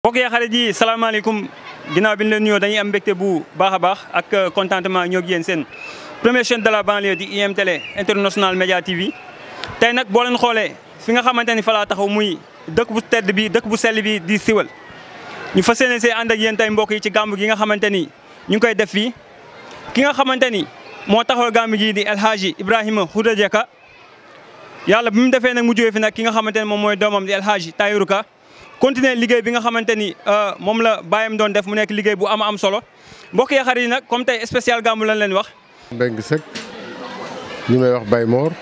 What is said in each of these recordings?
mbokk yi xarit yi salaamaaleykum ginnaaw bi ñu leen nuyoo dañuy am mbekke bu baax a baax ak euh, contentement ñoo gi yéen seen première chaîne de la banlieue di IM Télé international média TV tey nag boo leen xoolee fi nga xamante ni fa taxaw muy dëkk bu tedd bi dëkk bu sell bi di siwal ñu fas yéene see ànd ak yéen tey mbokk yi ci gàmb gi nga xamante ni ñu ngi koy def fii ki nga xamante ni moo taxaw gàmm gii di alhaji ibrahim Ibrahima Khouta Diaka yàlla bi mu defee mu jógee fi nak ki nga xamanteni mom moy domam di alhaji Hadji Ka continuer liguey bi nga xamanteni euh mom la bayam don def mu nek liguey bu ama am solo mbokk ya xari nak comme tay spécial gamu lan len wax. deng sek ñu may wax Mor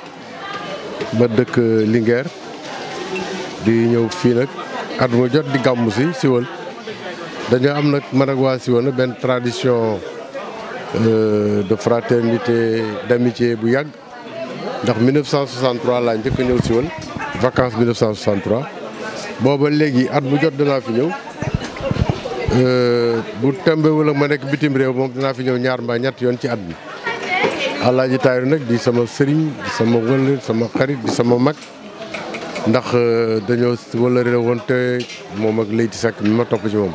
di ñew fi nak at jot di gamu si siwol dañu am nak man ak waa tradition. Euh, de fraternité d'amitié bu yàgg ndax 1963 laa njëkk a ñëw si woon vacances 1963 booba léegi at mu jot danaa fi ñëw euh, bu tembewul ak ma nekk bitim réew moom danaa fi ñëw ñaar mbaa ñett yoon ci at bi Alaaji Taayiru nag di sama sëriñ di sama wëllë sama xarit di sama mag ndax euh, dañoo wëllëre woon te moom ak Leyti Seck mi ma topp ci moom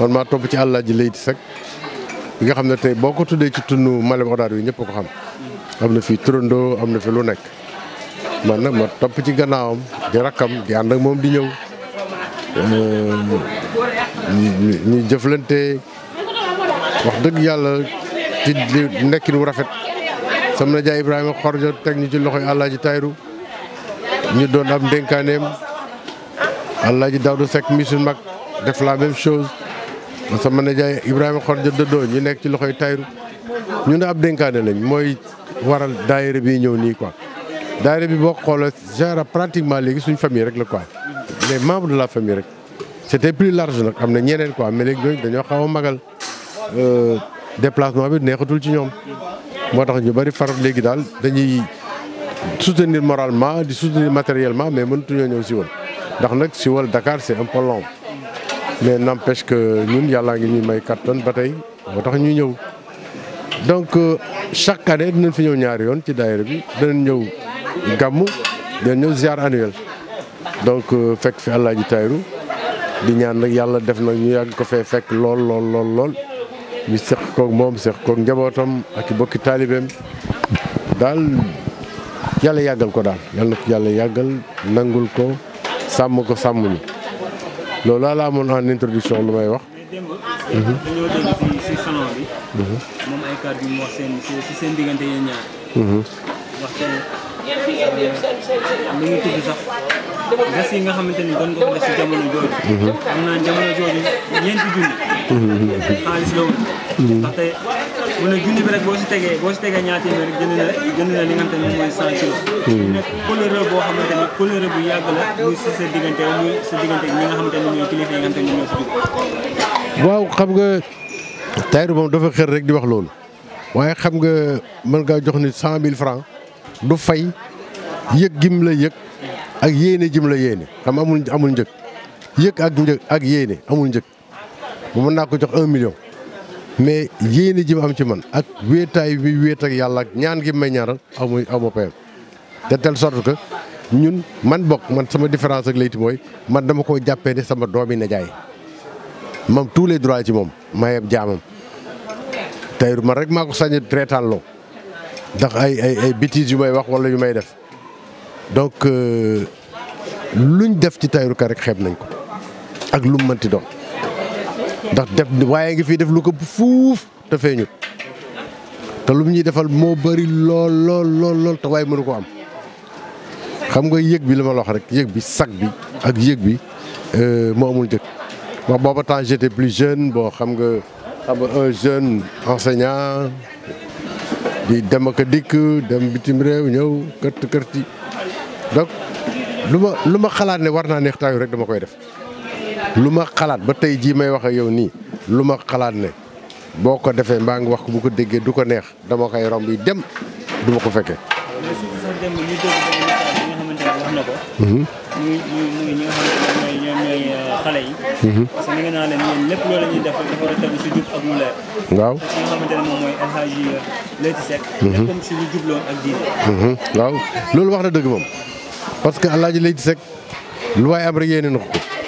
man maa topp ci Alaaji Leyti Seck bi nga xam ne tey boo ko tuddee ci tund Malem Hodar yi ñëpp ko xam am na fi turandoo am na fi lu nekk man nag ma topp ci gannaawam di rakkam di ànd ak moom di ñëw euh, ñu jëflante wax dëgg yàlla ci li nekkin wu rafet sama nijaay Ibrahima Xorjo teg ñu ci loxoy Alaaji Tayru ñu doon am ndénkaaneem Alaaji Daawdu Sekk mi mag def la même chose sama nijaay Ibrahima xor ja dëddoo ñu nek ci loxoy tayru ñu ne ab dénkaane lañ moy waral daire bi ñew ni quoi daire bi boo xoolee genre pratiquement léegi suñu famille rek la quoi les membres de la famille rek c'était plus large nak amna ñeneen quoi mais léegi dañoo xaw a magal euh, déplacement bi neexatul ci ñom motax ñu bari farat léegi dal dañuy soutenir moralement di soutenir matériellement mais ñu ñew ci wol ndax nak ci wol Dakar c'est un peu long mais n'empêche que ñun yàllaa ngi ñuy may kattan ba tey moo tax ñu ñëw donc euh, chaque année dinañ fi ñëw ñaari yoon ci daayira bi dinañ ñëw gàmm dinañ ñëw ziar annuel donc euh, fekk fi Alaaji Tayru di ñaan nag yàlla def nag ñu yàgg ko fee fekk lool lool lool ñu seq koog moom seex kook njabootam ak i bokki taalibeem daal yàlla yàggal ko daal yàlla na ko yàlla yàggal nangul ko sàmm ko sàmm ñu loolu laa la amoon en introduction lu may wax. moom ay kàddu yu mu wax seen si seen diggante yéen ñaar. wax te li sax geste yi nga xamante ni doon nga ko si jamono jooju. Mhm. am naa jamono jooju ñeenti junni. Mhm. xaalis la woon. Mhm. ndaxte. boo si tegee boo rek jënd na li nga xamante ne mooy 100 kilos. Hmm. nekk boo waaw xam nga Tahirou moom dafa xër rek di wax loolu waaye xam nga mën ngaa jox nit 100 000 du fay yëg gim la yëg ak yéene jim la yéene xam amul amul njëg yëg ak ak yéene amul njëg mu mën naa ko jox 1 million. mais yéene ji ma am ci man ak wéetaay bi wéet ak yàlla ak ñaan gi may ñaaral amu amu payam te telle sorte que ñun man bokk man sama différence ak Leyti mooy man dama koo jàppee ne sama doomi nijaay moom tous les droits ci moom mayeb jaamam tey man rek maa ko sañ reetaan loo ndax ay ay ay bêtises yu may wax walla yu may def donc euh, luñ def ci Tahirou Ka rek xeeb nañ ko ak lum mu mënti doon ndax def waaye ngi fi def lu ko fuuf te feeñut te lu mu ñuy defal moo bari lool lool lool te waaye mënu koo am xam nga yëg bi li ma loxo rek yëg bi sag bi ak yëg bi euh, moo amul njëkk wax booba temps j'étais plus jeune bon xam nga xam nga un jeune enseignant di dem ak a dikk dem bitim réew ñëw kërti kërti donc lu ma lu ma xalaat ne war naa neex taayu rek dama koy def lu ma xalaat ba tey jii may wax yow nii lu ma xalaat ne boo ko defee mbaa ngi wax ko bu ko déggee du ko neex dama koy romb yi dem du ma ko fekke mhm. euh, xale yi. Mhm. loolu euh, mhm. waaw loolu wax na dëgg moom parce que El Hadj Leyti Seck lu waay am rek yéene na ko.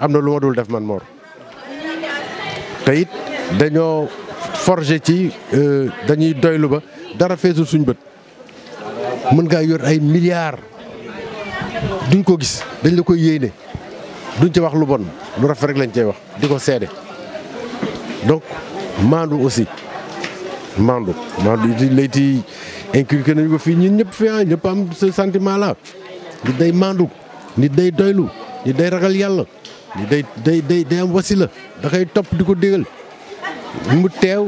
am na lu ma dul def man Mor te dañoo forger ci euh, dañuy doylu ba dara feesul suñ bët mën ngaa yor ay milliards duñ ko gis dañ la koy yéene duñ ci wax lu bon lu rafet rek lañ cey wax di ko seede donc maandu aussi maandu maandu di layti inculqué nañu ko fii ñun ñëpp fi ah, ñëpp am ce sentiment là nit day maandu nit day doylu nit day ragal yàlla day day day day am wasila da kay top diko ko mu tew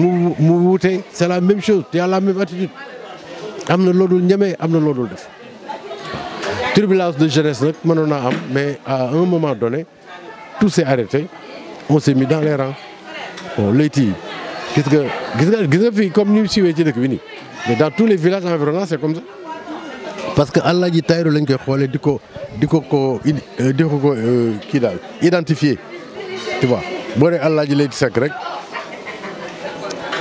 mu mu wuute c'est la même chose tu as la même attitude amna lodul loolu amna lodul def turbulence de jeunesse nak mënoon am mais à un moment donné tout s'est arrêté on s'est mis dans les rangs bon Leyti yi gis nga gis nga gis nga fi comme ñu mu siiwee ci dëkk bi ni mais dans tous les villages environnants c'est comme ça. parce que Alaaji Tayru lañ koy xoolee di ko di ko ko euh, ko ko euh, kii daal identifié tu vois boo dee Alaaji Leyti rek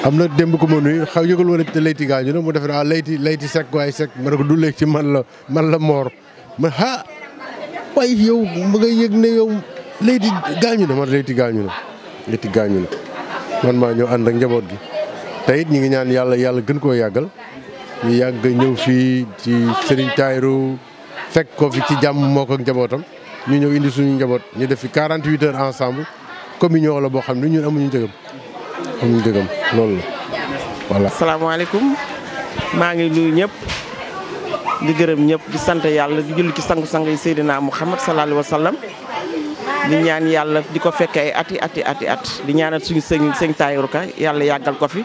am na démb ko ma nuyu xaw yëgal wala Leyti gaañu na mu def ah Leyti Leyti Seck waaye Seck ma ne ko du léegi ci man la man la moor ma yow ma ngay yëg ne yow Leyti gaañu na man Leyti gaañu na man maa ñëw ànd ak njaboot gi te it ñu ngi ñaan yàlla yàlla gën koo yàggal. ñu yàgg ñëw fii ci Serigne Tahirou fekk ko fi ci jàmm moo ko njabootam ñu ñëw indi suñu njaboot ñu def fi 48 heures ensemble communion la boo xam ne ñu amuñu njëgam amuñu njëgam loolu la voilà. salaamaaleykum maa ngi nuyu ñëpp di gërëm ñëpp di sant yàlla di julli ci sangu-sang yi Seydina Muhammad sallallahu alayhi wa sallam di ñaan yàlla di ko fekke ay ati ati ati at di ñaanal suñu sëñ sëñ Tahirou Ka yàlla yàggal ko fi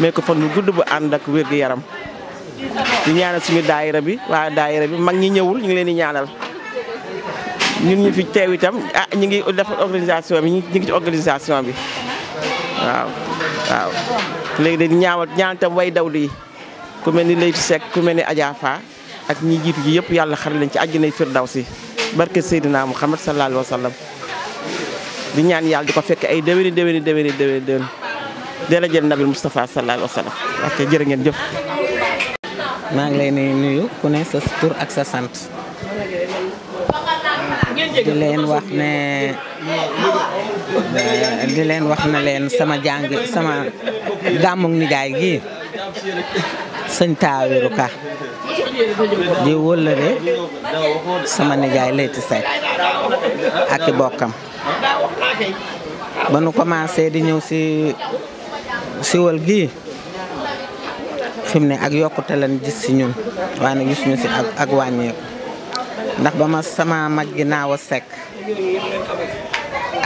mais ko fan bu gudd bu ànd ak wér yaram di ñaanal suñu daayira bi waa daayira bi mag ñi ñëwul ñu ngi leen di ñaanal ñun ñu fi teew itam ah ñu ngi def organisation bi ñu ngi organisation bi waaw waaw léegi dañu ñaawal ñaan tam way dawlu ku mel ni Leyti Seck ku mel ni Adja Fa ak ñi jiitu ji yëpp yàlla xar leen ci àjjana firdawsi barke Seydina Muhammad sallallahu alayhi wa sallam di ñaan yàlla di ko fekk ay déwéni déwéni déwéni déwéni déwén dee la jël nabil Moustapha sallallahu alayhi wa sallam ok jërë ngeen maa ngi leen di nuyu ku ne sa tur ak sa sant di leen wax ne di leen wax na leen sama jàng sama gàmmug nijaay gi sëñ taawiru ka di wëllëre sama nijaay layti sekk ak i bokkam ba nu commencé di ñëw si siwal gii fi ne ak yokkute lañ gis ci ñun waaye nag gisuñu si ak ak wàññeeku ndax ba ma sama mag gi naaw a sekk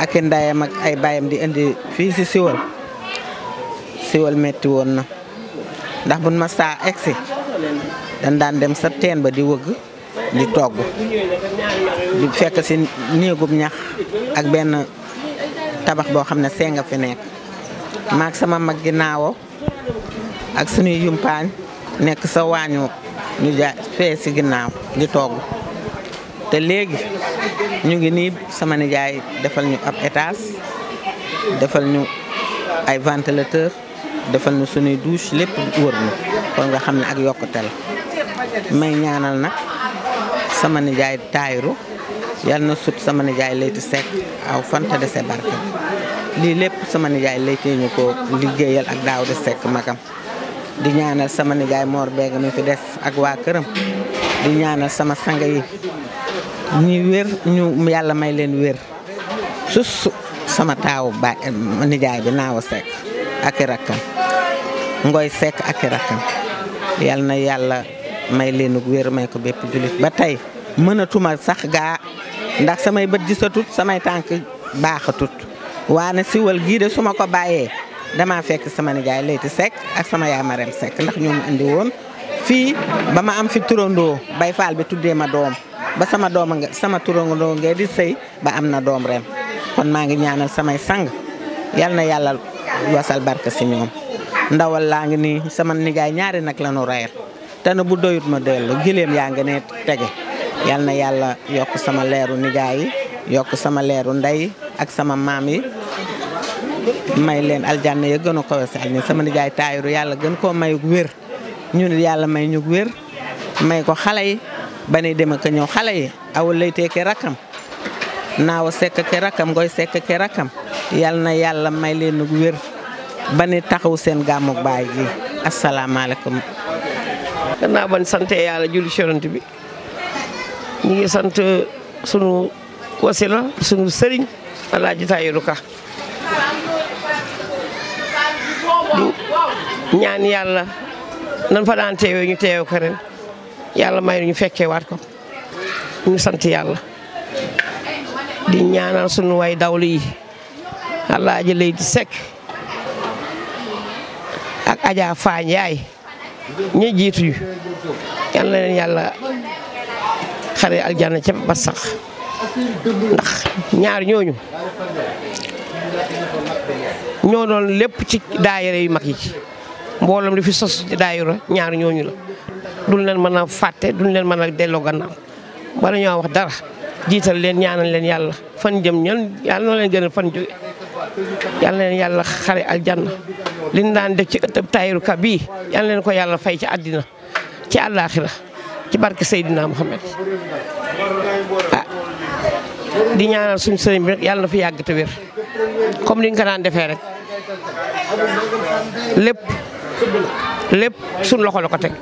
ak i ndayam ak ay baayam di indi fii si siwal siwal metti woon na ndax bu ma saa egsi dañ daan dem sa teen ba di wëgg di togg di fekk si néegub ñax ak benn tabax boo xam ne seenga fi nekk maag sama mag gi naawo ak suñuy yumpaañ nekk sa waañu ñu ja fee si ginnaaw di togg te léegi ñu ngi nii sama nijaay defal ñu ab etaas defal ñu ay ventilateur defal ñu suñuy douche lépp wër ñu kon nga xam ne ak yokkute la may ñaanal nag sama nijaay taayiru yal na sut sama nijaay layti sekk aw fanta dese barke lii lépp sama nijaay lay tee ko liggéeyal ak daaw de sekk magam di ñaanal sama nijaay moor Mbengue mi fi des ak waa këram di ñaanal sama sang yi ñi wér ñu yàlla may leen wér sus sama taawu ba nijaay bi naaw sekk ak i ngoy sekk ak i rakkam na yàlla may leenug wér may ko bépp jullit ba tey mënatuma sax gaa ndax samay bët gisatut samay tànk baaxatut waa na siwal gii de su ma ko bàyyee damaa fekk sama nijaay Leyti Seck ak sama yaay sekk Seck ndax ñoo ma woon fii ba ma am fi turandoo bay faal bi tuddee ma doom ba sama doom nga sama turandoo ngay di sëy ba am na doom rem kon maa ngi ñaanal samay sang yal na yàlla wasal barke si ñoom ndawal laa ngi nii sama nijaay ñaari nag la nu rayal te na bu doyut ma dellu gileem yaa ngi ne tege yal na yàlla yokk sama leeru nijaay yi yokk sama leeru ndey ak sama maam yi may leen aljanna ya gën a ko wese ñu sama nijaay taayiru yàlla gën koo mayug wér ñun yàlla may ñu wér may ko xale yi ba nuy dem ak ñëw xale yi awul lay teeke rakkam naaw sekk ke rakam ngoy sekk ke rakam yal na yàlla may leen ak wér ba ni taxaw seen gàmmu baay gi asalaamaaleykum. gannaaw ban sante yàlla julli Yonent bi ñu ngi sant sunu wasila sunu sëriñ Alaaji Taayiru Ka ñaan yàlla nan fa daan teewee ñu teew ko ren yàlla may ñu fekkee waat ko ñu sant yàlla di ñaanal sunu way dawlu yi alaaji lay di sekk ak Adja Faañ yaay ñi jiitu yu yal na leen yàlla xare aljanna ca ba sax ndax ñaar ñooñu ñoo doon lépp ci daayira yu mag yi mbooloom li fi sos daayira ñaar ñooñu la duñ leen mën a fàtte duñ leen mën a delloo gannaaw bala ñoo wax dara jiital leen ñaanal leen yàlla fan jëm ñan yàlla noo leen gënal fan jóge yàlla leen yàlla xare aljanna liñ daan def ci ëttëb taayiru ka bii yàlla leen ko yàlla fay ci àddina ci àllaaxira ci barke Seydina Muhammad ah di ñaanal suñu yàlla na fi yàgg te wér comme ni ko daan defee rek lépp lépp suñ loxo la ko teg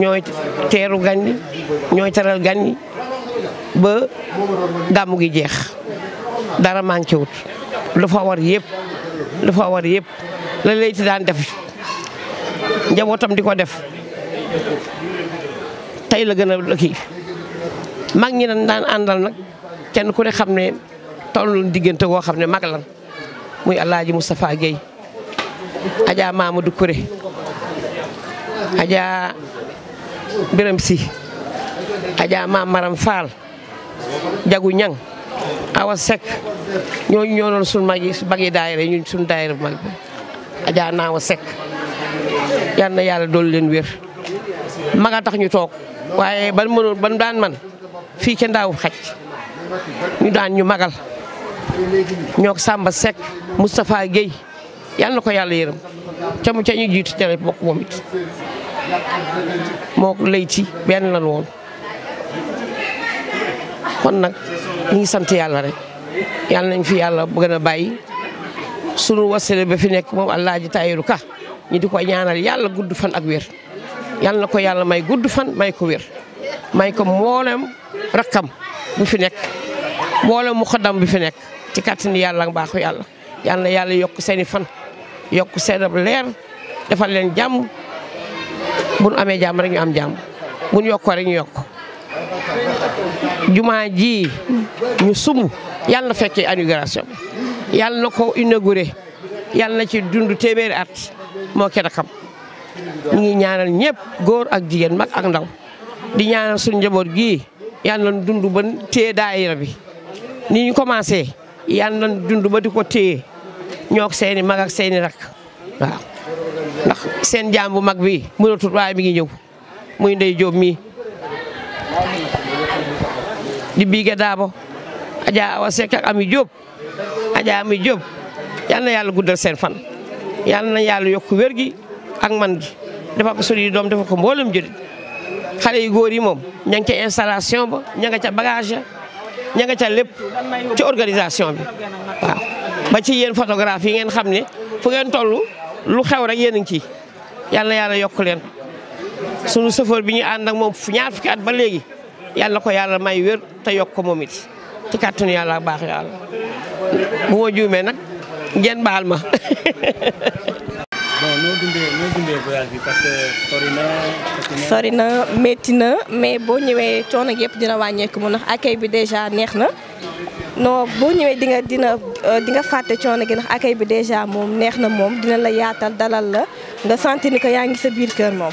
ñooy teeru gan ñooy teral gan ba gàmmu gi jeex dara manqué wut lu fa war yëpp lu fa war yëpp la léyti daan def njabootam di ko def tey la gën a lëkki mag ñi na daan àndal nag kenn ku ne xam ne tollu diggante woo xam ne mag lan muy Alaaji Moustapha Guèye Adja Mamadou Kouré Adja Biram Si Adja Maam Maram Fall Jagu Ñang Awa Seck ñoo doon sunu mag yi mag yi daayira ñun Naawa Seck yal na yàlla dool leen wér tax ñu toog waaye ban mënoon ban daan man fii ca ndaaw xaj ñu daan ñu magal ñoo ko Samba mustafa Moustapha Guèye yal ko yàlla yërëm ca mu ca ñu jiitu ca bokk moom it moo lay ci benn lan woon kon nag ñu ngi sant yàlla rek yàlla nañ fi yàlla gën a bàyyi sunu wasale ba fi nekk moom Alaaji Tayiru Ka ñu di ko ñaanal yàlla gudd fan ak wér yàlla ko yàlla may gudd fan may ko wér may ko mboolem rakkam bu fi nekk mu muxaddam bi fi nekk ci kàttan yalla ak baxu yalla yalla yalla yok seni ya bun fan yok seen leer defal len jam buñ amé jam rek ñu am jam, buñ nu rek ñu yokk juma ji ñu sumu yalla na fekkee anu ya inauguration yàlla ya inauguré na ci dundu téméré at ké da xam ñi ñaanal ñepp goor ak jigen mak ak ndaw di ñaanal suñu jabor gi yalla dundu ban daayira ni ñu commencé yal nan jundu ba di ko téye ñoog seeni mag ak seeni rak waaw ndax seen jaam bu mag bi mënatul waaye mi ngi ñëw muy ndey Jóob mi di biige daabo Adja Awa Seck ak Ami Jóob Adja Ami Jóob yal na yàlla guddal seen fan yal na yàlla yokk wér gi ak man gi dafa ko sori doom dafa ko mboolem jëriñ xale yu góor yi moom ña ngi ca installation ba ña nga ca lépp ci organisation bi waaw ba ci yéen photographe yi ngeen xam ne fu ngeen toll lu xew rek yéen a ngi ci yal na yàlla yokk leen sunu chauffeur bi ñu ànd ak moom ñaar fukki at ba léegi yàlla ko yàlla may wér te yokk ko moom it ci kàttanu yàlla baax yàlla bu ma juumee nag ngeen baal ma noo dundee noo dundee voyage parce que sori na. sori na mais boo ñëwee coono yëpp dina wàññeeku mu ndax accueil bi déjà neex na. non boo ñëwee di dina euh, di nga fàtte coono gi ndax accueil bi déjà moom neex na moom dina la yaatal dalal la nga santini ko yaa ngi sa biir kër moom.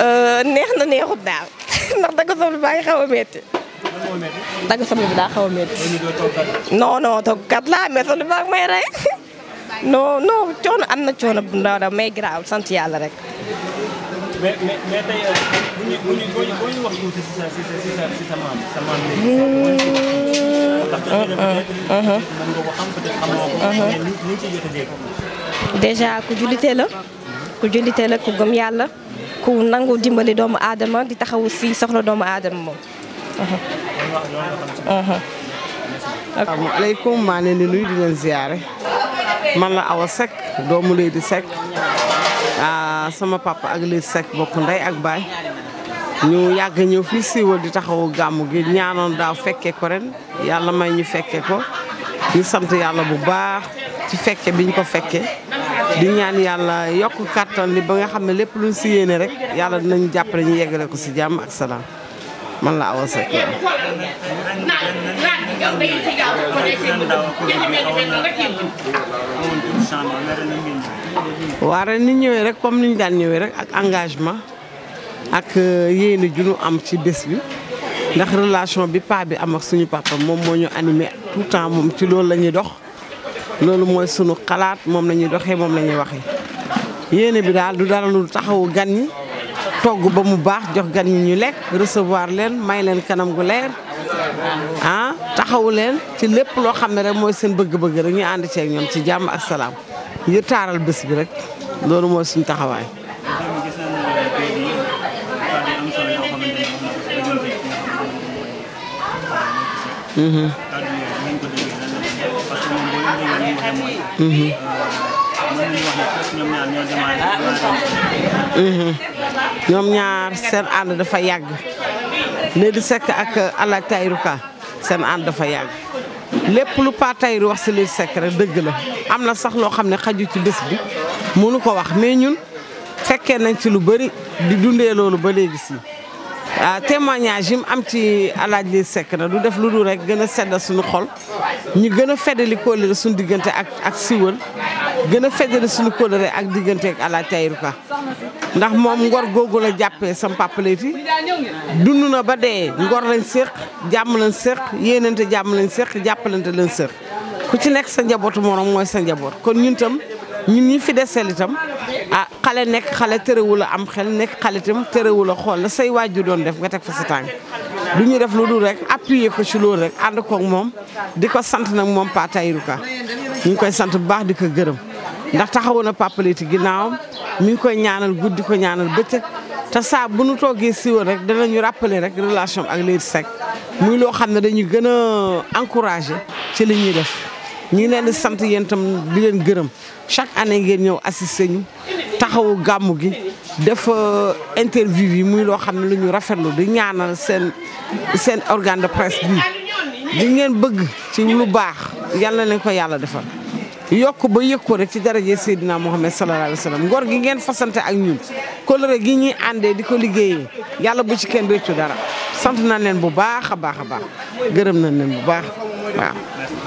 Eh, neex na neexut daal ndax dagg soble baa ngi xaw a métti. dagg soble bi daa xaw a kat laa mais soble baa may rey. non am na coono bu ndaw da may graw sant yàlla rek. mais hmm, hmm, hmm. ku jullite la ku jullite la yàlla. ku nangu dimbali doomu adama di taxaw si soxla doomu aadama moom asalaamaaleykum maa leen ni nuyu di len ziaré man la awa sek doomu lay di Sek ah sama papa ak lay Sek bokk nday ak bay ñu yàgg ñëw fii siiwal di taxaw gamu gi ñaanon da fekke ko ren yalla may ñu fekke ko ñu sante yalla bu baax ci fekke biñ ko fekke di ñaan yalla yok carton li ba nga xamne lepp lépp luñ si yéene rek yalla dinañ jàppale ñu yeggale ko ci jamm ak salam man la awa sekk waara ni ñëwee rek comme niñ daan ñëwee rek ak engagement ak euh, yéene juñu am ci bés bi ndax relation bi pa bi am ak suñu papa mom moñu animer tout temps mom ci lool lañuy dox loolu mooy sunu xalaat moom lañuy doxee moom lañuy ñuy waxee yéene bi daal du dara lu taxawu gan ñi togg ba mu baax jox gan ñi ñu lekk recevoir leen may leen kanam gu leer ah taxawu leen ci lépp loo xam ne rek mooy seen bëgg-bëgg rek ñu ànd ceeg ñoom ci jàmm ak salaam ngir taaral bés bi rek loolu mooy suñ taxawaay. Mm-hmm. Mm-hmm. ñoom ñaar seen ànd dafa yàgg Lady sekk ak Alaaji Tahirou seen ànd dafa yàgg lépp lu Pa Tahirou wax si Lady Seck rek dëgg la am na sax loo xam ne xaju ci des bi mënu ko wax mais ñun fekkee nañ ci lu bëri di dundee loolu ba léegi si Euh, témoignage yi mu am ci Alaaji Seck na du def lu dul rek gën a sedd suñu xol ñu gën a feddali kóolare suñu diggante ak ak siwal gën a feddali suñu kóolare ak diggante ak Alaaji Tahirou Ka ndax moom ngor googu a jàppee sam papa Leyti dund na ba dee ngor lañ séq jàmm lañ séq yéenante jàmm lañ séq jàppalante lañ séq ku ci nekk sa njabootu morom mooy sa njaboot kon ñun ñun ñi fi de itam ah xale nekk xale tërëwul a am xel nekk xale itam tërëwul a xool la say waajur doon def nga teg fa sa tànk du ñu def lu dul rek appuyer ko ci loolu rek ànd koog moom di ko sant nag moom Pa Tahirou Ka ñu ngi koy sant bu baax di ko gërëm ndax taxawoon na papaliti ginnaawam mu ngi koy ñaanal guddi ko ñaanal bëccëg te saa bu nu toogee siiwal rek ñu rappeler rek relation ak Leyti sek muy loo xam ne dañu gën a encouragé ci li ñuy def ñi ngi leen di sant yéen itam di leen gërëm chaque année ngeen ñëw assister ñu taxawu gàmmu gi def euh, interview yi muy loo xam ne la ñu rafetlu di ñaana seen seen organe de presse bi di ngeen bëgg ci lu baax yàlla nañ ko yàlla defal yokk ba yëg ko rek ci daraje Seydina Muhammad sallallahu alayhi wa sallam ngor gi ngeen fasante ak ñun kóllëre gi ñuy àndee di ko liggéeyee yàlla bu ci kenn réccu dara sant na leen bu baax a baax a baax gërëm nañ leen bu baax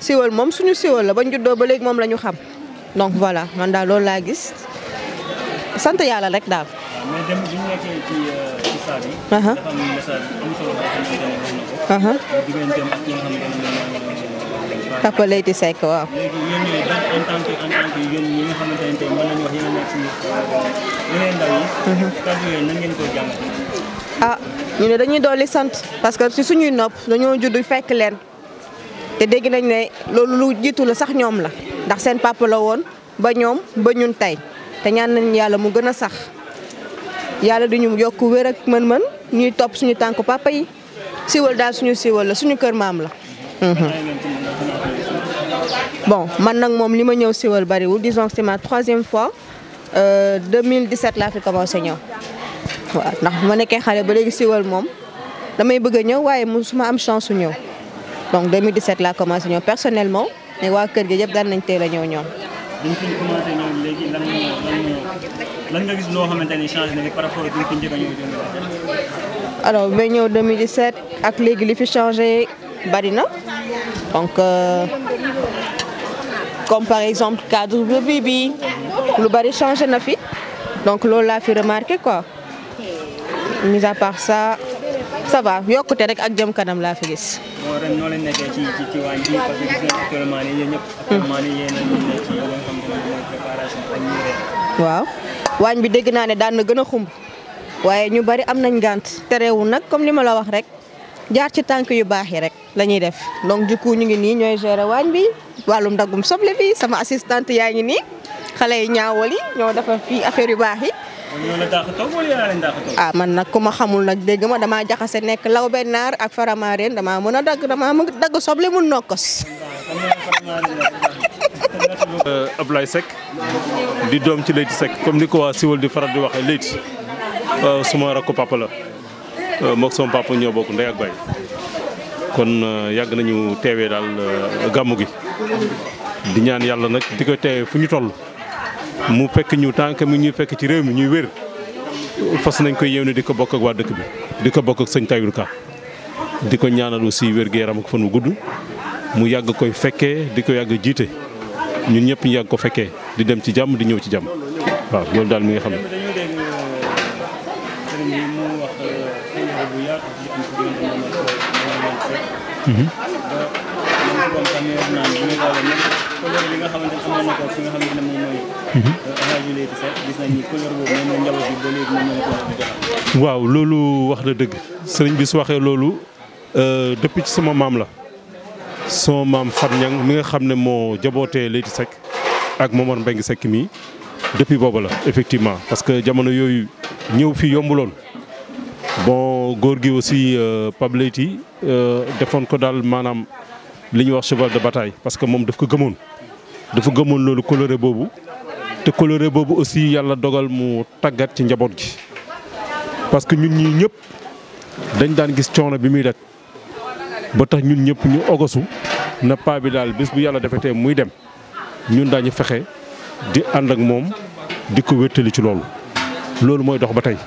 siwal moom suñu siwal la bañ juddoo ba léegi moom la ñu xam donc voilà man daal loolu laa gis sant yàlla rek daal. mais euh, uh-huh. ne ah ñu ne dañuy dolli sant parce que si suñuy nopp dañoo judd fekk leen. te dégg nañ ne loolu lu jiitu la sax ñoom la ndax seen papa la woon ba ñoom ba ñun tey te ñaan nañ yàlla mu gën a sax yàlla di ñu yokk wér ak mën-mën ñuy topp suñu tànk papa yi siiwal daal suñu siiwal la suñu kër maam la. Mhm. bon man nag moom li ma ñëw siiwal bariwul disons que c'est ma troisième fois 2017 euh, laa fi commencé ñëw waaw ndax ma nekkee xale ba léegi siwal moom damay bëgg a ñëw waaye mu su ma am chance su ñëw. donc 2017 là commencé ñëw personnellement né wa kër gi yëpp daan nañ teel a ñëw ñoom. biñ fi commencé ñëw léegi lan lan nga gis loo xamanteni changé na par rapport ak li fi njëkk a ñëw alors ba ñëw 2017 ak légui li fi changé bari na donc euh, comme par exemple cadre de vie bi lu bari changé na fi donc loolu laa fi remarqué quoi mis à part ça. ça va yokkute rek ak jëm kanam la fi gis. moo ren noo leen nekkee ci ci ci bi parce que gis waaw bi dégg na né daan na gëna xum ñu bari am nañ té terewul nak comme lima la wax rek jaar ci tank yu baax yi rek lañuy def donc du coup ñu ngi ni ñoy gérer bi walum dagum soble bi sama assistante yaangi ni xalé xale ñoo dafa fi affaire yu baax yi ah man nag ku ma xamul nag dégg ma dama jaxase nekk lawbe naar ak faramareen dama mën a dama dagg soble mu nokkos eh, Ablaye di dom ci Leyti Seck comme ni ko waa di faral di waxee Leyti eh, suma rakku papa la eh, mook sama papa ñoo ndey ak bay kon yàgg nañu teewee daal gàmmu gi di ñaan yàlla nag mu fekk ñu tànk mi ñuy fekk ci réew mi ñuy wér fas nañ koy yéene di ko bokk ak waa dëkk bi di ko bokk ak sëñ Tahirou Ka di ko ñaanalu aussi wér gu yaram ak fan gudd mu yàgg koy fekkee di ko yàgg jiite ñun ñëpp ñu yàgg ko fekkee di dem ci jàmm di ñëw ci jàmm waaw loolu daal mi nga xam ne. Euh, waaw loolu wax na dëgg sëriñ bi su waxee loolu euh, depuis ci sama maam la sama maam Fat mi nga xam ne moo jabootee Leyti Seck ak Momar Mbengue Seck mii depuis booba la effectivement parce que jamono yooyu ñëw fi yombuloon bon góor gi aussi euh, Pape Leyti defoon ko daal maanaam. li ñuy wax cheval de bataille parce que moom daf ko gëmoon dafa gëmoon loolu coloré bobo, te coloré bobo aussi yàlla dogal mu tagat ci njaboot gi parce que ñun nous ñëpp dañ daan gis coono bi muy daj ba tax ñun ñëpp ñu na pas bi daal bés bu yàlla defetee muy dem ñun daañu fexe di ànd ak mom di ko wéttali ci loolu loolu bataille.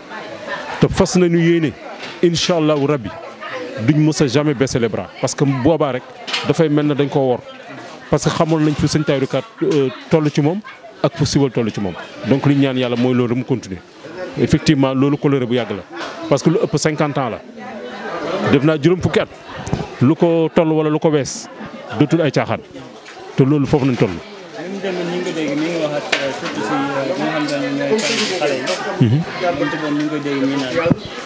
dox façon tey te fas nañu yéene incha rabbi duñ mës jamais baisser les bras parce que nous rek dafay mel ne dañ koo wor parce que xamoon nañ fi sëñ Tahirou Ka euh, toll ci moom ak fu siwal tollu ci moom donc li ñu ñaan yàlla mooy loolu mu kontinuer effectivement loolu coloré bu yàgg la parce que lu ëpp 50 ans la def naa juróom fukki at lu ko toll wala lu ko wees dootul ay caaxaan te loolu foofu nañ toll. Mmh.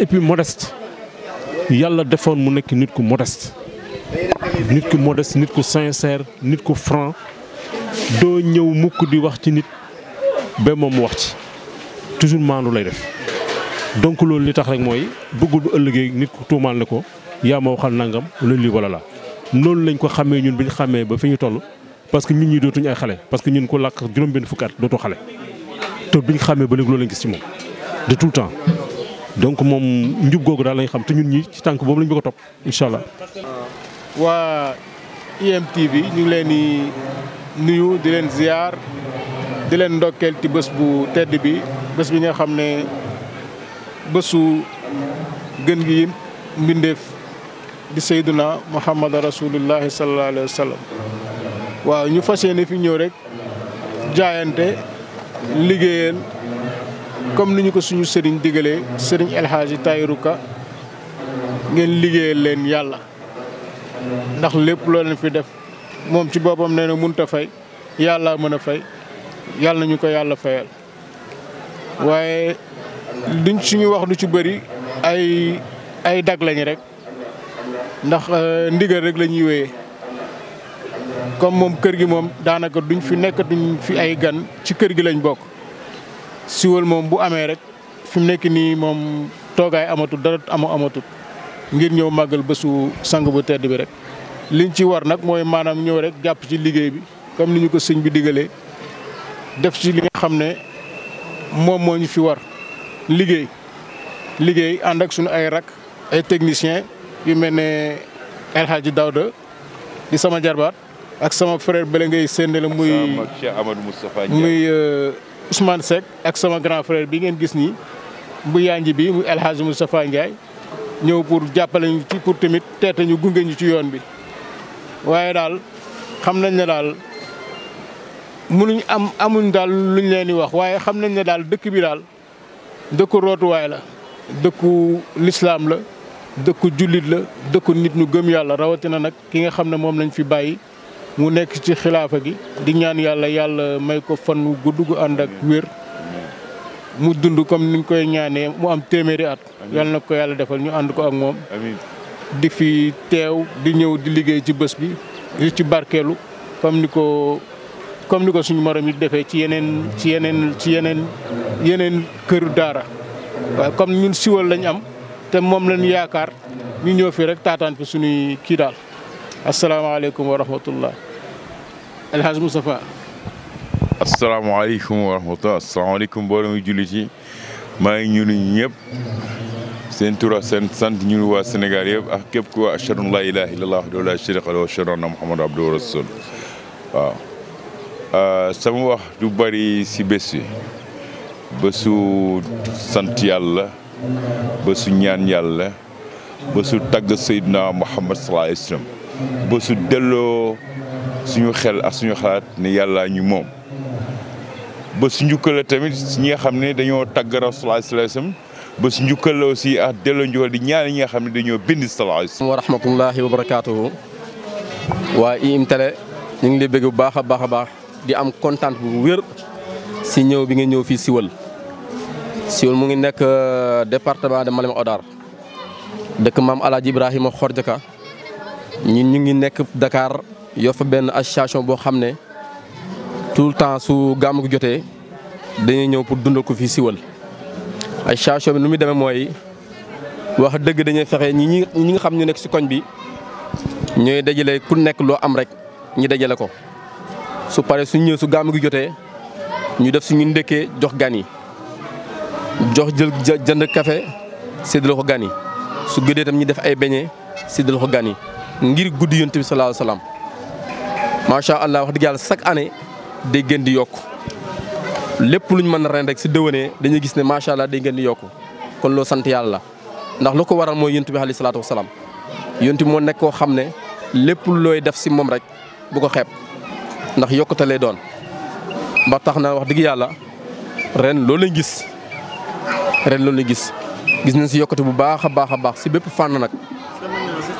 et puis modeste yalla defone mu nek nit modeste. nit modeste nit sincère franc mukk di wax ci nit toujours lay donc loolu li tax rek moy bëggul bu gens nit ku nangam li wala la lañ ko ñun parce que nous ñi tous ay parce que ñun ko lak juroom dootu xalé de tout temps. donc moom njub googu daal lañ xam te ñun ñi ci tànk boobu lañ bëgg a topp incha allah. Ah, waa bi ñu ngi leen di nuyu di leen ziar di leen ndokkeel ci bés bu tedd bi bés bi nga xam ne bésu gën gi mbindeef di sayduna muhammad rasulullahi sallallahu alayhi wa sallam waaw ñu fas yéene fi ñëw rek jaayante liggéeyal. comme ni ñu ko suñu sëriñ digalee sëriñ El Hadji ngeen liggéeyal leen yàlla ndax lépp loo leen fi def moom ci boppam nee na mënut a fay yàlla mën a fay yàlla na ñu ko yàlla fayal waaye duñ suñu wax du ci bëri ay ay dag lañ rek ndax euh, ndigal rek lañuy ñuy comme moom kër gi moom daanaka duñ fi nekk duñ fi ay gan ci kër gi lañ bokk. siwal moom bu amee rek fi mu nekk nii moom toogaay amatul dara amu amatul ngir ñëw màggal bésu sang bu tedd bi rek. liñ ci war nag mooy maanaam ñëw rek jàpp ci liggéey bi comme ni ñu ko sëñ bi digalee def ci li nga xam ne moom moo ñu fi war liggéey liggéey ànd ak suñu ay rak ay technicien yu mel ne El Hadji Daouda di sama jarbaat ak sama frère bele ngay séen la muy muy euh, Ousmane Seck ak sama grand frère bi ngeen gis nii bu yaanji bi mu El Hadj Moustapha ñëw pour jàppale ñu ci pour tamit teete ñu gunge ñu ci yoon bi waaye daal xam nañ ne daal mënuñ am amuñ daal luñ leen di wax waaye xam nañ ne daal dëkk bi daal dëkku rootuwaay la dëkku lislaam la dëkku jullit la dëkku nit ñu gëm yàlla rawatina nag ki nga xam ne moom lañ fi bàyyi mu nekk ci xilaafa gi di ñaan yàlla yàlla may ko fan wu gudd gu ànd ak wér mu dund comme ni ñu koy ñaanee mu am téeméeri at yàlla na ko yàlla defal ñu ànd ko ak moom di fi teew di ñëw di liggéey ci bés bi di ci barkeelu comme ni ko comme ni ko suñu morom yi defee ci yeneen ci yeneen ci yeneen yeneen këru daara waaye comme ñun siwal lañ am te moom lañ yaakaar ñu ñëw fii rek taataan fi suñuy kii daal asalaamaaleykum wa rahmatullah El Hadj Moustapha asalaamaaleykum wa rahmatullah asalaamaaleykum mbooloo mi julli ci maa ngi ñu ñëpp seen tur ak seen sant ñu waa Sénégal yëpp ak képp ku waa ashhadu an laa ilaaha illallaah wahdahu laa shariika lahu wa ashhadu anna Muhammadan abduhu wa rasuuluh waaw sama wax du bëri si bés bi bésu sant yàlla bésu ñaan yàlla bésu tagg Seydina Muhammad sallallaahu alayhi wa sallam ba su delloo suñu xel ak suñu xalaat ne yàlla ñu moom ba su njukkal tamit ñi nga xam ne dañoo tàgg Rasulullah sallallahu alayhi ba su njukkal la aussi ak delloo njukkal di ñaan ñi nga xam ne dañoo bind sallallahu alayhi wasallam wa rahmatullahi wa barakatuhu waa ñu ngi lay bëgg bu baax a baax a baax di am kontaan bu wér si ñëw bi nga ñëw fii siwal Siwel mu ngi nekk euh, département de Malem Hodar dëkk maam Alaaji Ibrahima Xorjaka ñun ñu ngi nekk Dakar yor fa benn association boo xam ne tout le temps su gàmmu gi jotee dañuy ñëw pour dundal ko fii Siweul association bi nu muy demee mooy wax dëgg dañuy fexe ñii ñu ñi nga xam ñu nekk si koñ bi ñooy dajale ku nekk loo am rek ñu dajale ko su paree su ñëw su gàmmu gi jotee ñu def suñu ndëkkee jox gan jox jël jënd café séddale ko gan su gëdee tam ñu def ay beñe séddale ko gan ngir guddi yonent bi sallallahu alayhi wa macha allah wax dëgg yàlla chaque année day gën di yokk lépp luñ mën a ren rek si déwénee dañuy gis ne macha allah day gën di yokku kon loo sant yàlla ndax lu ko waral mooy yonent bi alayhi salaatu wa salaam bi moo nekk koo xam ne lépp looy def si moom rek bu ko xeeb ndax yokkute lay doon ba tax na wax dëgg yàlla ren loolu lañ gis ren loolu lañ gis gis nañ si yokkute bu baax a baax a baax si bépp fànn nag.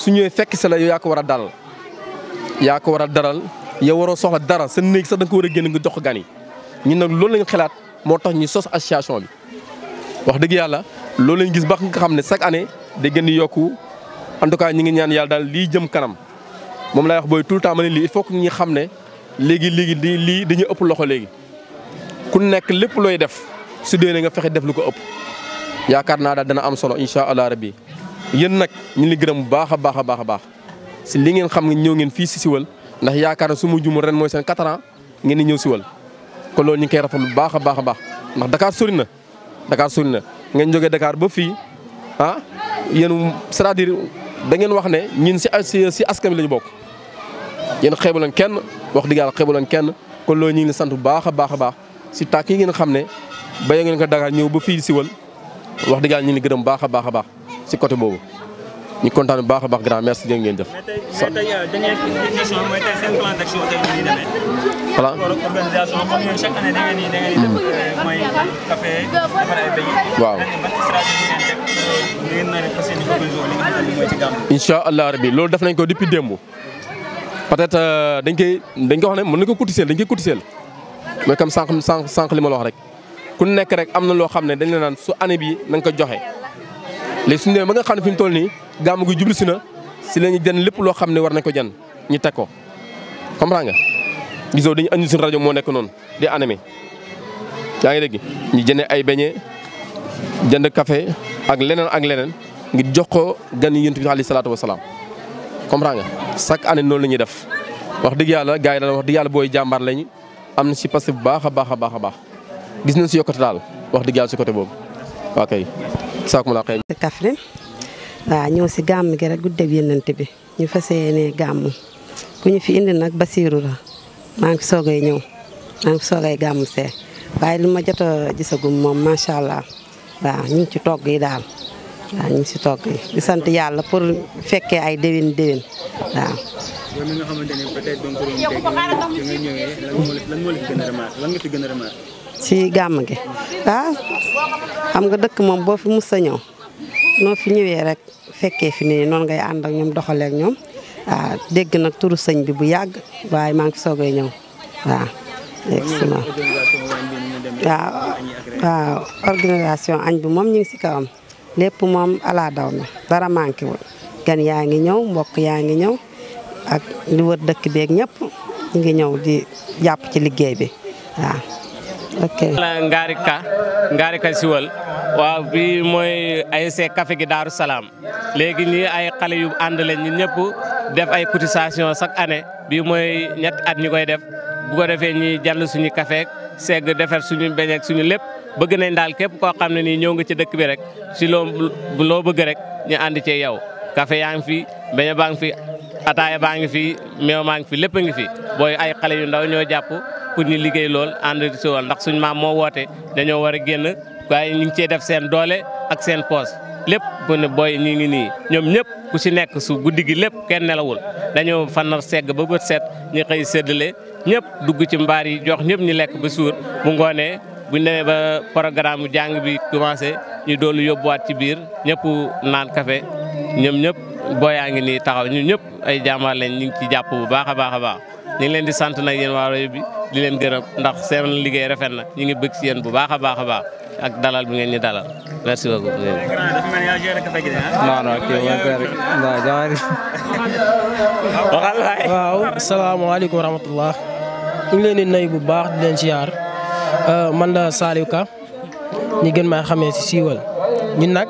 su ñëwee fekk si la yow yaa ko war a dalal yaa ko war a dalal yow waroo soxla dara sa néeg sax da ko war a génn nga jox gan yi ñu nag loolu lañ xalaat moo tax ñu sos association bi. wax dëgg yàlla loolu lañ gis ba nga xam ne chaque année day gën di yokku en tout cas ñu ngi ñaan yàlla daal lii jëm kanam moom laay wax booy tout le temps ma ne lii il faut ñu xam ne léegi léegi di lii dañuy ëpp loxo léegi ku nekk lépp looy def su dee nga fexe def lu ko ëpp yaakaar naa daal dana am solo incha allah rabbi yeen nak ñu ngi gërëm bu baaxa baaxa baaxa baax ci li ngeen xam ne ñew ngeen fi ci siwal ndax yaakaar na jumu ren moy seen 4 ans ngeen ñew siwal ko loolu ñu ngi koy rafetlu bu baaxa baaxa baax ndax Dakar sorina Dakar sorina ngeen jógee Dakar ba fi ha ah, yeen c'est-à-dire da ngeen wax ne ñin ci ci askam lañu bok yeen bokk yéen kenn wax dëgg yàlla xeebu kenn ko loolu ñi ngi sant bu baaxa baaxa baax ci baax yi ngeen xam ne ba ngeen ko Dakar ñew ba fii siwal wax dëgg yàlla ñu ngi gërëm baaxa baaxa baax ci côté boobu ñu kontaan bu baax a baax grand merci jërë ngeen jëf. sa mais tey euh, da ngeen def euh, waaw ban euh, allah rabi loolu def nañ ko depuis démb peut-être dañ koy dañ ko wax ne mën na ko cotiser dañ koy cotiser mais comme sànq sànq sànq li ma la wax rek ku nekk rek am na loo xam ne dañ la naan su année bi na nga ko joxe. léegi suñu demee ba nga xam ne fi mu toll nii gàmm gi jublu si na si la ñu jën lépp loo xam ne war nañ ko jën ñu teg ko comprendre nga gisoo dañu andi si rajo moo nekk noonu di animé yaa ngi dégg ñu jëndee ay beñe jënd kafe ak leneen ak leneen ngir jox ko gan yi yënt bi alayhi salaatu wasalaam comprendre nga chaque année noonu la ñuy def wax dëgg yàlla gars yi daal wax dëgg yàlla booy jàmbaar lañu am na si passé bu baax a baax a baax a baax gis nañ si yokkate daal wax dëgg côté boobu ok ah, saakum la xëy. Kaffrine waaw ñëw si gàmm gi rek guddeeg yéenant bi ñu fas yéenee gàmm ku ñu fi indi nag basiiru la maa ngi soogay ñëw maa ngi soogay gàmm see waaye lu ma jot a gisagum moom macha allah waaw ñu ngi ci togg yi daal waaw ñu ngi si togg yi di sant yàlla pour fekkee ay déwén déwén waaw. gën a si gàmm gi ah xam nga dëkk moom boo fi mus a ñëw noo fi ñëwee rek fekkee fi nii noonu ngay ànd ak ñoom doxalee ñoom ah, dégg nag turu sëñ bi bu yàgg waaye maa ngi soogay ñëw ah, ah, waaw. excellent añ bi moom ñu ngi si kawam lépp moom ala daw na dara manqué gan yaa ngi ñëw mbokk yaa ngi ñëw ak li wër dëkk beeg ñëpp ñu ngi ñëw di jàpp ci liggéey bi waaw. ok ngaari ka ngaari ka siwal waaw bi mooy ASC kafe gi Daaru Salaam léegi nii ay xale yu ànd le ñun ñëpp def ay cotisation chaque année bi mooy ñett at ñu koy def bu ko defee ñi jàll suñu café segg defar suñu beñ suñu lépp bëgg nañ daal képp koo xam ne nii ñëw nga ci dëkk bi rek si loo loo bëgg rek ñu ànd ci yow café yaa ngi fi beñe baa ngi fi ataaya baa ngi fi meew maa ngi fi lépp a ngi fi booy ay xale yu ndaw ñoo jàpp pour ñu liggéey lool ànd si woon ndax suñ maam moo woote dañoo war a génn waaye ñu ngi cee def seen doole ak seen poos lépp bu ne booy ñu ngi nii ñoom ñëpp ku si nekk su guddi gi lépp kenn nelawul dañoo fanar segg ba bët set ñu xëy séddale ñëpp dugg ci mbaar yi jox ñëpp ñu lekk ba suur bu ngoonee bu ñu demee ba programme jàng bi commencé ñu doolu yóbbuwaat ci biir ñëpp naan ñëpp boyangi ni taxaw ñun ñep ay jàmbaar lañ ñing ci japp bu baaxa baaxa baax ñi ngi leen di sant nak yeen waaro rajo bi di leen gërëm ndax seen liggéey rafet na ñi ngi bëgg ci yeen bu baaxa baaxa baax ak dalal bu ngeen ñi dalal merci beaucoup. non non ki wa mooy père waaw jamono. waaw salaamaaleykum wa rahmatullah ñi ngi leen di nay bu baax di leen euh man la saliw Ka ñi gën ma xamé ci siwal ñun nak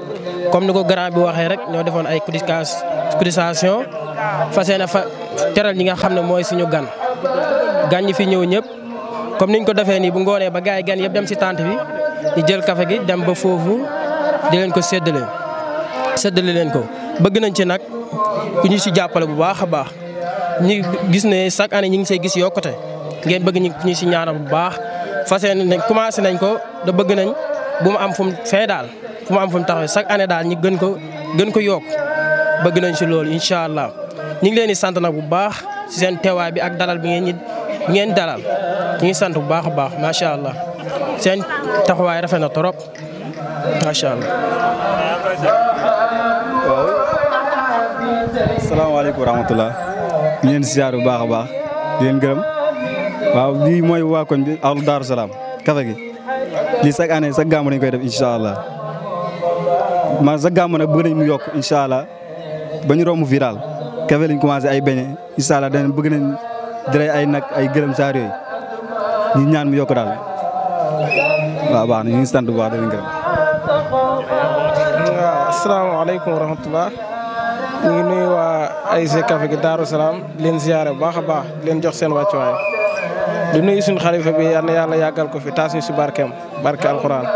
comme niko grand bi waxé rek ñoo defone ay codicace. cotisation fas yéene fa teral ñi nga xam ne mooy suñu gan gan ñi fi ñëw ñëpp comme niñ ko defee nii bu ngoonee ba gars yi gan yëpp dem si tente bi ñu jël kafe gi dem ba foofu di leen ko séddale séddale leen ko bëgg nañ ci nag ku ñu si jàppale bu baax a baax ñu gis ne chaque année ñu ngi see gis yokkute ngeen bëgg ñu ñu si ñaanal bu baax fas yéene nañ commencé nañ ko da bëgg nañ bu mu am fu mu fee daal fu mu am fu tax taxawee chaque année daal ñu gën ko gën ko yokk bëgg nañ si loolu incha allah ñu ngi leen di sant nag bu baax si seen teewaay bi ak dalal bi ngeen ñi ngeen dalal ki ngi sant bu baax a baax macha allah seen taxawaay rafet na torop macha allah. waaw. salaamaaleykum wa rahmatulah. ñu leen siyaar bu baax a baax di leen gërëm waaw bii mooy waa koñ bi ahlu Daaru Salaam kafe gi di chaque année chaque gàmm dañ koy def incha allah man chaque gàmm nag bëgg nañ mu yokk incha allah. ba ñu fi viral kafe lañ commencé ay beñe incha allah danañ bëgg nañ dre ay nag ay gërëm saar yooyu ñu ñaan mu yokk daal waaw baax na ñu ngi sant bu baax danañ gërëm. waaw asalaamaaleykum wa rahmatulah ñu ngi nuyu waa ASC Café gi Daaru Salaam leen ziare bu baax a baax di leen jox seen wàccuwaay di nuyu suñu xalifa bi yal na yàlla yàggal ko fi taas ñu si barkeem barke alxuraan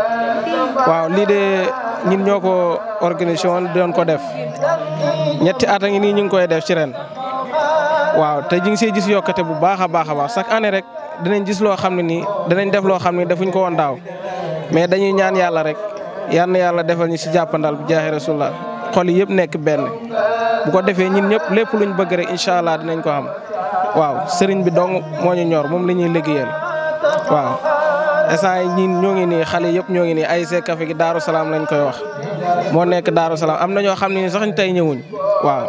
waaw lii de. ñin ñoko ko organisation doon ko def ñetti at ngi ni ñing koy def ci ren waaw te jing sey gis yokate bu baaxa baaxa baax a baax chaque année rek dinañ gis lo xamni ni dinañ def lo xamni ne defuñ ko won daw mais dañuy ñaan yalla rek yalla yalla defal ñu ci jappandal bu jaaxee rasulullah xol yëpp nek ben bu ko defé ñin ñep lepp luñ bëgg rek inshallah dinañ ko am waaw serigne bi dong moñu ñor mom liggéeyal waaw. instant yi ñun ñoo ngi nii xale yëpp ñoo ngi nii ASC Café gi Daaru Salaam lañ koy wax moo nekk Daaru Salaam am na ñoo xam ne ni sax ñu tey ñëwuñ waaw.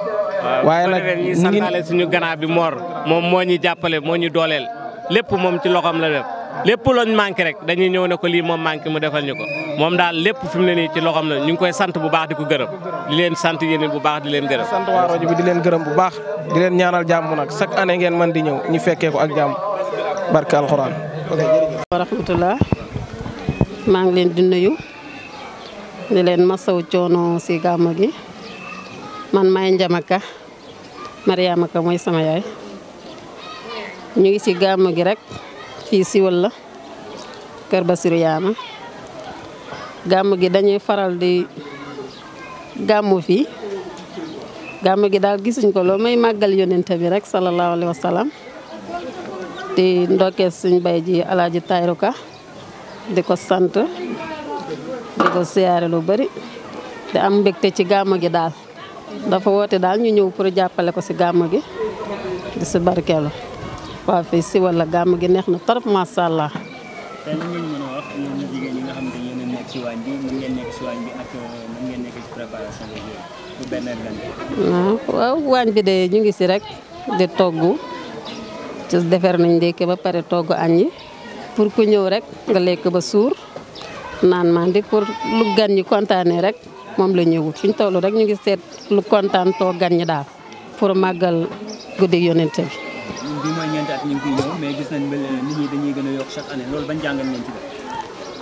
waaye nag ñu ngi santaale suñu gannaaw bi Mor moom moo ñu jàppale moo ñu dooleel lépp moom ci loxoom la def lépp looñ manqué rek dañuy ñëw ne ko lii moom manqué mu defal ñu ko moom daal lépp fi mu ne nii ci loxoom la ñu ngi koy sant bu baax di ko gërëm di leen sant yéen bu baax di leen gërëm. sant waa rajo di leen gërëm bu baax di leen ñaanal jàmm nag chaque année ngeen man di ñëw ñu fekkee ko ak jàmm barke alxuraan wa rahmatullah maa ngi leen di nuyu di leen si gamogi. gi man maay Ndiamaka Mariama sama yaay ñu ngi si gàmmu gi rek fii siwal la kër Basiru Yaama gàmmu gi dañuy faral di gàmmu fii gàmmu gi daal gisuñ ko loo may màggal yonente bi rek sallallahu di ndokkee suñ bay ji alaaji Tayru Ka di ko sant di ko siyaare lu bari di am mbégte ci gàmmu gi daal dafa woote daal ñu ñëw pour jàppale ko ci gàmmu gi di si barkeelu waa fii gi neex na trop macha euh, waaw waañ bi de ñu ngi si rek di toggu ci defar nañ ndékki ba pare toog añ yi pour ku ñëw rek nga lekk ba suur naan mandi pour lu gan ñi kontaanee rek moom la ñuy wut fi ñu toll rek ñu ngi seet lu kontaan too gan ñi daal pour màggal guddi yonente bi. bi mooy ñeenti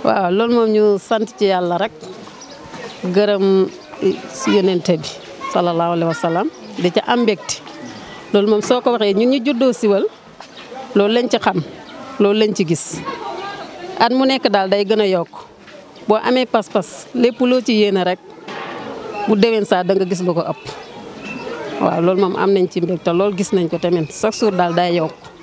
waaw loolu moom ñu sant ci yàlla rek gërëm yonente bi sallallahu alayhi wa di ca am mbégte loolu moom soo ko waxee ñun ñu juddoo siwal loolu lañ ci xam loolu lañ ci gis at mu nekk daal day gën a yokk boo amee pas-pas lépp loo ci yéene rek bu déwén saa da nga gis lu ko ëpp waaw loolu moom am nañ ci te lool gis nañ ko tamit chaque jour daal day yokk